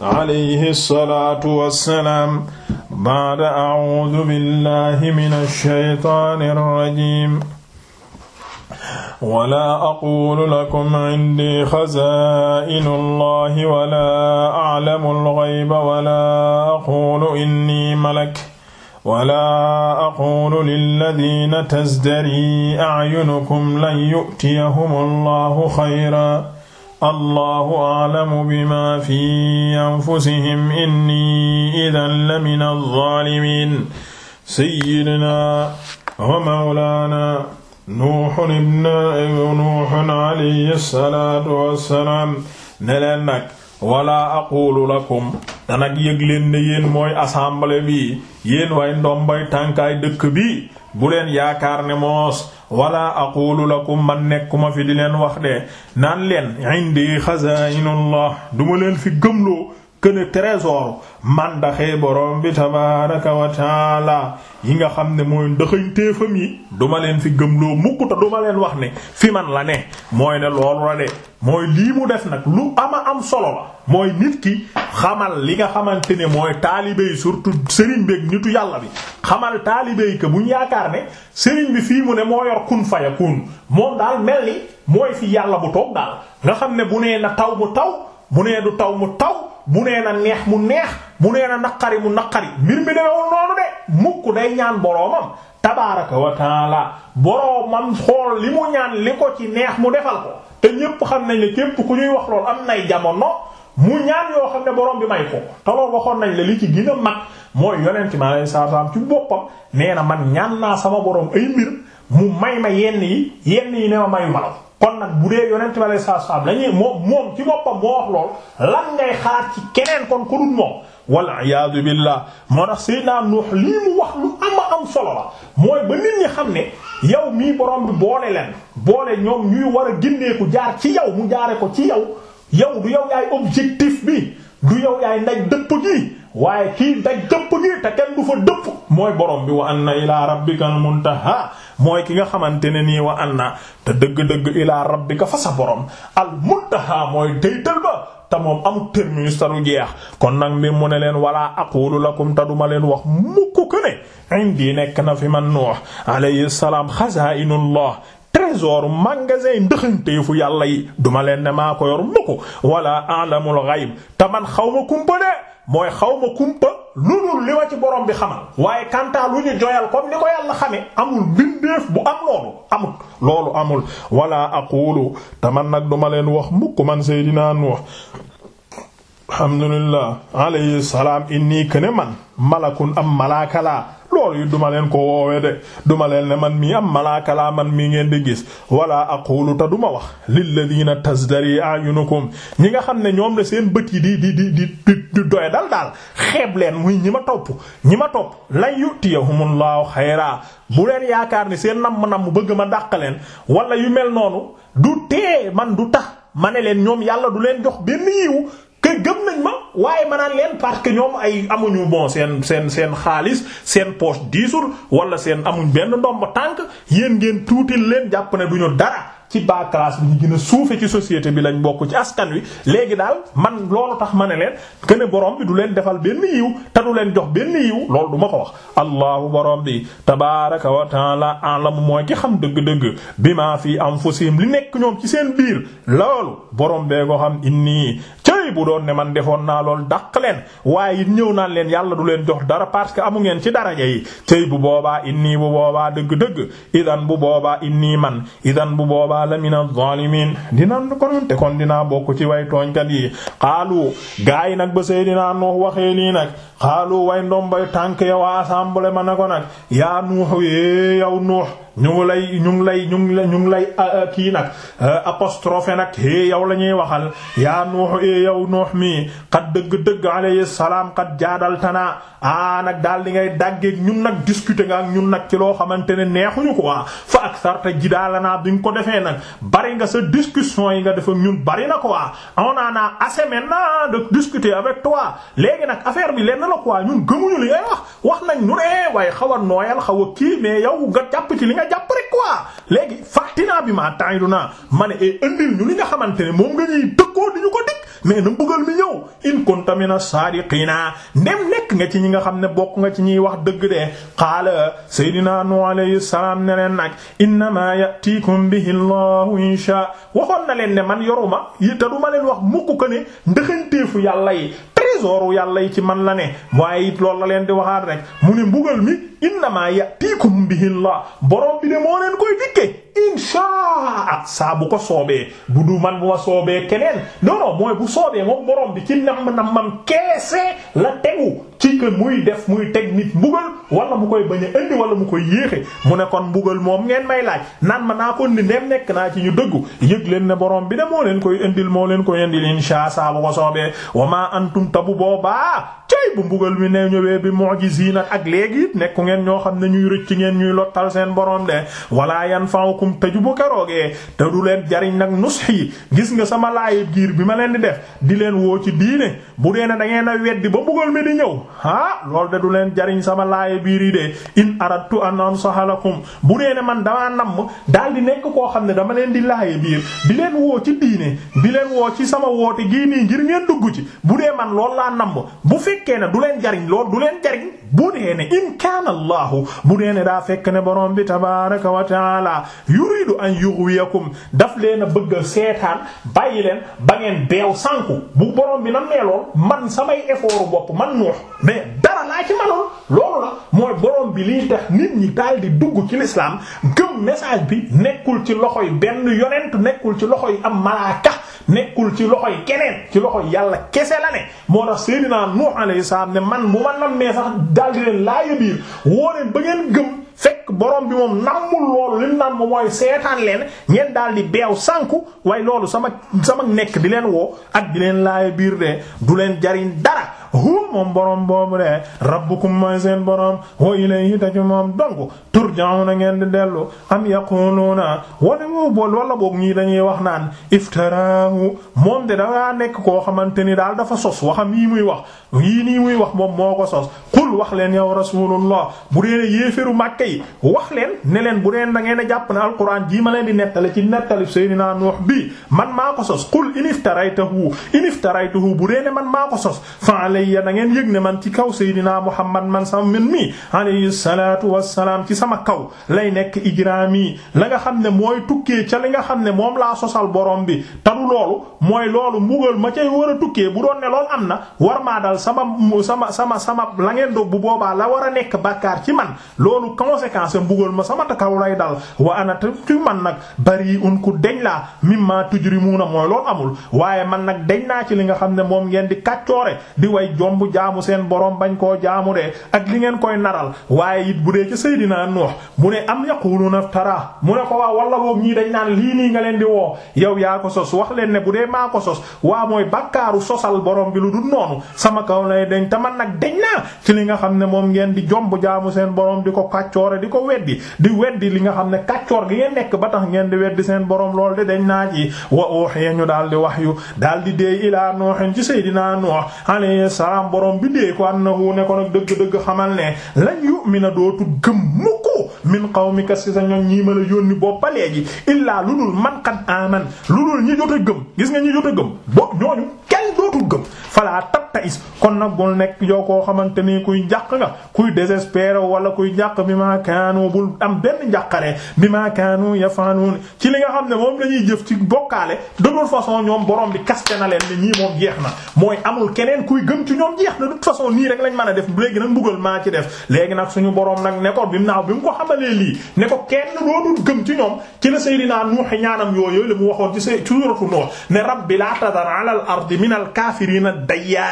alayhi salaatu wassalaam ba'da a'uudu billahi minash shaytaanir rajiim wala aqulu lakum indi xazaa'inu allahi wala a'lamu alghayba wala aqulu inni malak wala aqulu lilladina tazdari a'yunukum lan yu'tiyahum allahu xayra allahu aalamu bima fi anfusihim inni idan la min alzalimin sayyidina wa mawlaana nuuhun ibn nuuhun alayhi salaatu wassalaam ne leen nag wala aqulu lakum danag yëg leen ne yéen mooy assemblée bi yéen way ndombay tànkaay dëkk bi bu leen yaakaar ne moos wala aqulu lakum man nekkuma fi di leen wax de naan leen indi xazaa'inullah duma leen fi gëmloo këne trésor màndaxee borom bi tabaaraka wa taala yi nga xam ne mooy ndëxëñteefam yi duma leen fi gëmloo mukk te duma leen wax ne fi man la ne mooy ne loolu la de mooy lii mu def nag lu ama am solo la mooy nit ki xamal li nga xamante ne mooy taalibe yi surtout sëriñ beek nitu yàlla bi xamal taalibe yi que buñ yaakaar ne sëriñ bi fii mu ne moo yor kun faya kun moom daal mel ni mooy fi yàlla bu toog daal nga xam ne bu nee na taw bu taw bu nee du taw mu taw bu nee na neex mu neex bu nee na naqari mu naqari mbir mi demewul noonu de mukk day ñaan boroomam tabaaraka wa taala boroomam xool li mu ñaan li ko ci neex mu defal ko te ñépp xam nañ ne képp ku ñuy wax lool am nay jamono mu ñaan yoo xam ne borom bi may ko te waxoon nañ la li ci gën a mag mooy yonent ma alayhi salaatu salaam ci boppam nee na man ñaan naa sama borom ay mbir mu may ma yenn yi yenn yi ne ma mayu ma kon nag bu dee yonent bi saa saam lañuy moom moom ci boppam moo wax lool lan ngay xaar ci keneen kon ku dul moom wal iyaadu billah moo tax Seydina Nuux lii mu wax lu ama am solo la mooy ba nit xam ne yow mii borom bi boole leen boole ñoom ñuy war a gindeeku jaar ci yaw mu jaare ko ci yow yow du yow yaay objectif bi du yow yaay ndaj dëpp gi waaye kii ndaj dëpp gi te kenn du fa dëpp mooy borom bi wa anna ilaa rabbikal muntaha mooy ki nga xamante ne nii wa anna te dëgg-dëgg ilaa rabbika fa sa borom al muntaha mooy daytal ba. te moom amul terminus taru jeex kon nag mbir mu ne leen wala aqulu lakum ta duma leen wax mukk ko ne nekk na fi man nuux alayhi salaam xazaa'inullah trésor magasin ndëxanteefu yàlla yi duma leen ne maa ko yor mukk wala a'lamul ghaib te man xaw ma kumpa mooy xaw ma kumpa lu dul li ma borom bi xamal waaye kantaa lu joyal comme ni ko yàlla xame amul mbindeef bu am loolu amul loolu amul wala aqulu taman nag duma leen wax mukk man Seydina Nuh alhamdulillah alayhi salaam inni kene man malakun am malaaka laa loolu yi duma leen ko woowe de duma leen ne man mii am malaaka laa man mii ngeen di gis wala aqulu ta duma wax lilladina tazdari ayunukum ñi nga xam ne ñoom la seen bët yi di di di di di doy dal daal xeeb leen muy ñi ma topp ñi ma topp lan yutiyahumullahu xayra bu leen yaakaar ni seen namm-namm bëgg ma dàq leen wala yu mel noonu du tee man du tax ma ne leen ñoom yàlla du leen jox benn yiw que gëm nañ ma waaye ma naan leen parce que ñoom ay amuñu bon seen seen seen xaalis seen poche diisul wala seen amuñ benn ndomb tànk yéen ngeen tuutil leen jàpp ne duñu dara ci bas classe bi ñu gën suufe ci société bi lañ bokk ci askan wi léegi daal man loolu tax ma ne leen que ne borom bi du leen defal benn yiw te du leen jox benn yiw loolu du ma ko wax allahu borom bi tabaraka wa taala alam mooy ki xam dëgg-dëgg bi maa fi anfusihim li nekk ñoom ci seen biir loolu borom bee ko xam hëy bu doon ne man defoon naa lool dàq leen waay it ñëw naan leen yàlla du leen jox dara parce que amu ngeen ci daraja yi tey bu boobaa inni bu boobaa dëgg-dëgg idan bu boobaa inni man idan bu boobaa la mina zalimin dinan konoon te kon dinaa bokk ci way tooñkat yi xaalu gaay nag ba Seydina Nuux waxee lii nag xaalu way ndombay tànk yow assemblée ma ne ko nag yaa Nuux yee yow Nuux ñu ngi lay ñu ngi lay ñu ngi lay ñu ngi lay kii nag apostrophe nag é yow la ñuy waxal yaa nuux é e, yow nuux mi xat dëgg-dëgg alayhi salaam xat jaadal tanaa a nag daal di ngay dàggeeg ñun nag discuter nga ak ñun nag ci loo xamante ne neexuñu quoi fa ak ji daala naa bi nga ko defee nag bari nga sa discussion yi nga def ak ñun bari na quoi on en a assez maintenant avec toi léegi nag affaire bi lenn la quoi ñun gëmuñu li ngay wax wax ñu ne waaye xaw a nooyal xaw kii mais yow nga jàpp ci li nga jàpp rek quoi léegi bi maa temps du naa ma ne andil eh, ñu nga xamante ne moom nga ñuy tëkkoo di ñu ko dikk mais na mbugal mi ñëw in kunta mina saadiqiina ndem nekk nga ci ñi nga xam ne bokk nga ci ñuy wax dëgg de qaala Seydina Nuh alayhi salaam ne leen nag innamaa ya'tiikum bihi Allahu insha waxoon na leen ne man yoruma yi te duma leen wax mukk ko ne ndëxanteefu yàlla yi trésor yàlla yi ci man la ne waaye it loolu la leen di waxaat rek innamaa yatiikum la borom bi de moo leen koy dikke inshaa ah, saa bu ko soobee bu du man bu soobee keneen non non mooy bu soobee moom borom bi ci nam namam keese la tegu ci que muy def muy teg nit mbugal wala mu koy bañ a indi wala mu koy yéexe mu ne kon mbugal moom ngeen may laaj nan ma naa ko indi ndem nekk naa ci ñu dëggu yëg leen ne borom bi de moo leen koy indil moo leen koy indil inshaa saa bu ko soobee wa maa antum tabu boobaa cëy bu mbugal mi ne ñëwee bi mu'jizina ak léegi nekku ngeen ñoo xam ne ñuy rëcc ngeen ñuy lottal seen boroom de wala yanfa'ukum tëju bu keroogee te du leen jariñ nag nushi gis nga sama laayi giir bi ma leen di def di leen woo ci diine bu dee ne da ngeen a weddi ba mbugal mi di ñëw ah loolu de du leen jariñ sama laayi biir yi de in aradtu an ansaha lakum bu dee man dama namb daal di nekk koo xam ne dama leen di laayi biir di leen woo ci diine di leen woo ci sama woote gi nii ngir ngeen dugg ci bu dee man lool laa namm bu fekk fekkee ne du leen jariñ lool du leen jariñ bu nee ne in kaana bu nee ne daa fekk ne borom bi tabaraka wa taala yuridu an yughwiyakum daf leen a bëgg seetaan bàyyi leen ba ngeen beew sànku bu borom bi nam nee lool man samay effort bopp man nuux mais dara laa ci manoon loolu la mooy borom bi liy tax nit ñi daal di dugg ci l'islam gëm message bi nekkul ci loxoy benn yonent nekkul ci loxoy am malaaka nekkul ci loxo loxoy keneen ci loxo yàlla kese la ne moo tax Seydina Nuh alayhi salaam ne man mu ma nammee sax daal di leen laaj biir woo leen ba ngeen gëm fekk borom bi moom nammul loolu lim naan moom mooy seetaan leen ngeen daal di beew sànku waaye loolu sama sama nekk di leen woo ak di leen laaj biir de du leen jariñ dara. hu moom borom boobu de rabbukum mooy seen borom wa ilayhi ta ci moom donc turja'una ngeen di dellu am yaquluna wala woo bool wala boog ñii dañuy wax naan iftaraahu moom de dangaa nekk koo xamante ni daal dafa sos waxam yii muy wax yii nii muy wax moom moo ko sos qul wax leen yow rasulullah bu dee yéeferu màkke yi wax leen ne leen bu dee da ngeen a jàpp ne alquran jii ma leen di nettali ci nettali seydina nuux bi man maa ko sos qul in iftaraytahu in iftaraytahu bu dee man maa ko sos alayya na ngeen yëg ne man ci kaw Seydina Muhammad man sama min mi alayhi salaatu wassalaam ci sama kaw lay nekk ijraami la nga xam ne mooy tukkee ca li nga xam ne moom laa sosal borom bi tadu loolu mooy loolu mbugal ma cay war a tukkee bu doon ne loolu am na war maa dal sama sama sama sama la ngeen do bu boobaa la war a nekk bàkkaar ci man loolu conséquence mbugal ma sama takaw lay dal wa man nag bari'un ku deñ laa mimma tujrimuna mooy loolu amul waaye man nag deñ naa ci li nga xam ne moom ngeen di kaccoore di way ay jomb jaamu seen borom bañ koo jaamu de ak li ngeen koy naral waaye it bu dee ci Seydina Nuux mu ne am na tara mu ne ko waaw wala boog ñii dañ naan lii nii nga leen di woo yow yaa ko sos wax leen ne bu dee maa ko sos waa mooy bakkaaru sosal boroom bi lu dul noonu sama kaw lay deñ man nag deñ naa ci li nga xam ne moom ngeen di jomb jaamu seen boroom di ko kàccoore di ko weddi di weddi li nga xam ne kàccoor gi ngeen nekk ba tax ngeen di weddi seen borom lool de dañ naa ci wa uhiya ñu daal di wax yu salaam borom bi dee ko annahu ne ko nag dëgg-dëgg xamal ne lañ yu'mina dootu gëm mukku min qawmika si sa ñoñ ñii ma la yónni boo ba léegi illaa lu dul man qad aman lu dul ñi jot gëm gis nga ñi jot a gëm bo ñooñu kenn dootul gëm fala ta'is kon nag bul nekk yow koo xamante ni kuy njàq nga kuy désespéré wala kuy jaq bi ma kaanu bul am benn njàqare bi ma kaanu yafanuun ci li nga xam ne moom la ñuy jëf ci bokkaale de toute façon ñoom boroom bi kaste na leen ni ñii moom jeex na mooy amul keneen kuy gëm ci ñoom jeex na de toute façon nii rek lañ mën a def léegi nag mbugal maa ci def léegi nag suñu borom nag ne ko bi mu naaw bi mu ko xamalee lii ne ko kenn doodul gëm ci ñoom ci la Seydina Nuux ñaanam yooyu la mu waxoon ci Nuux ne rabbi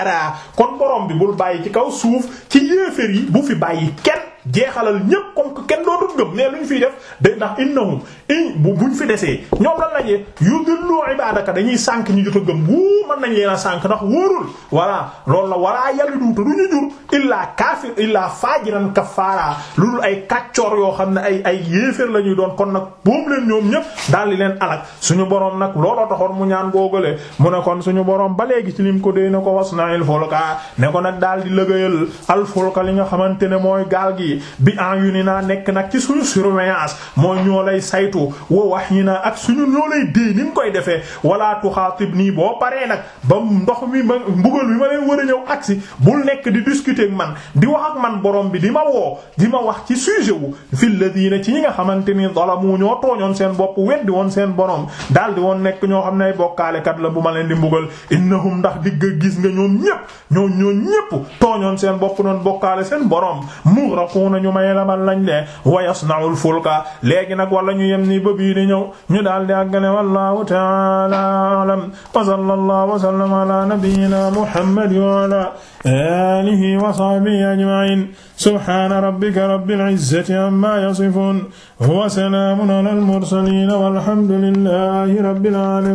ahada kon borom bi bul bàyyi ci kaw suuf ci yéeféer yi bu fi bàyyi kenn jeexalal ñépp comme que kenn dootul gëm ne lu ñu fiy def day ndax innahum in bu buñ fi desee ñoom lan lañee yudillu ibadaka dañuy sànk ñu jot a gëm wuu mën nañ leen a sànk ndax wóorul la walaa yalidu te du ñu jur illaa kaafir illaa faajiran kafaara lu dul ay kaccoor yoo xam ne ay ay yéeféer la ñuy doon kon nag boom leen ñoom ñépp daal di leen alak suñu borom nag looloo taxoon mu ñaan googale mu ne kon suñu borom ba léegi ci lim ko déy na ko wasna'il fulka ne ko nag daal di lëgëyal al fulka li nga xamante ne mooy gaal gi yi bi en yu ni naa nekk nag ci suñu surveillance mooy ñoo lay saytu wa wax ñi naa ak suñu ñoo lay dee ni mu koy defee walaa wala tuxaatib nii boo paree nag ba ndox mi ma mbugal mi ma war a ñëw agsi bul nekk di discuter ak man di wax man borom bi di ma woo di wax ci sujet wu fi ladina ci ñi nga xamante ni zalamu ñoo tooñoon seen bopp weddi woon seen boroom daal di woon nekk ñoo xam ne ay bokkaalekat la bu ma leen di mbugal innahum ndax digg gis nga ñoom ñépp ñoo ñoo ñépp tooñoon seen bopp noon bokkaale seen borom mugraqu yasna'una ñu may lamal lañ de wa yasna'ul fulka léegi nag wala ñu yem ni bëbii di ñëw ñu daal di àggale wallahu ta'ala a'lam wa sallallahu wa sallama ala nabiyyina muhammad wa ala alihi wa sahbihi ajma'in subhana rabbika rabbil izzati amma yasifun wa salamun ala al mursalin walhamdulillahi rabbil alamin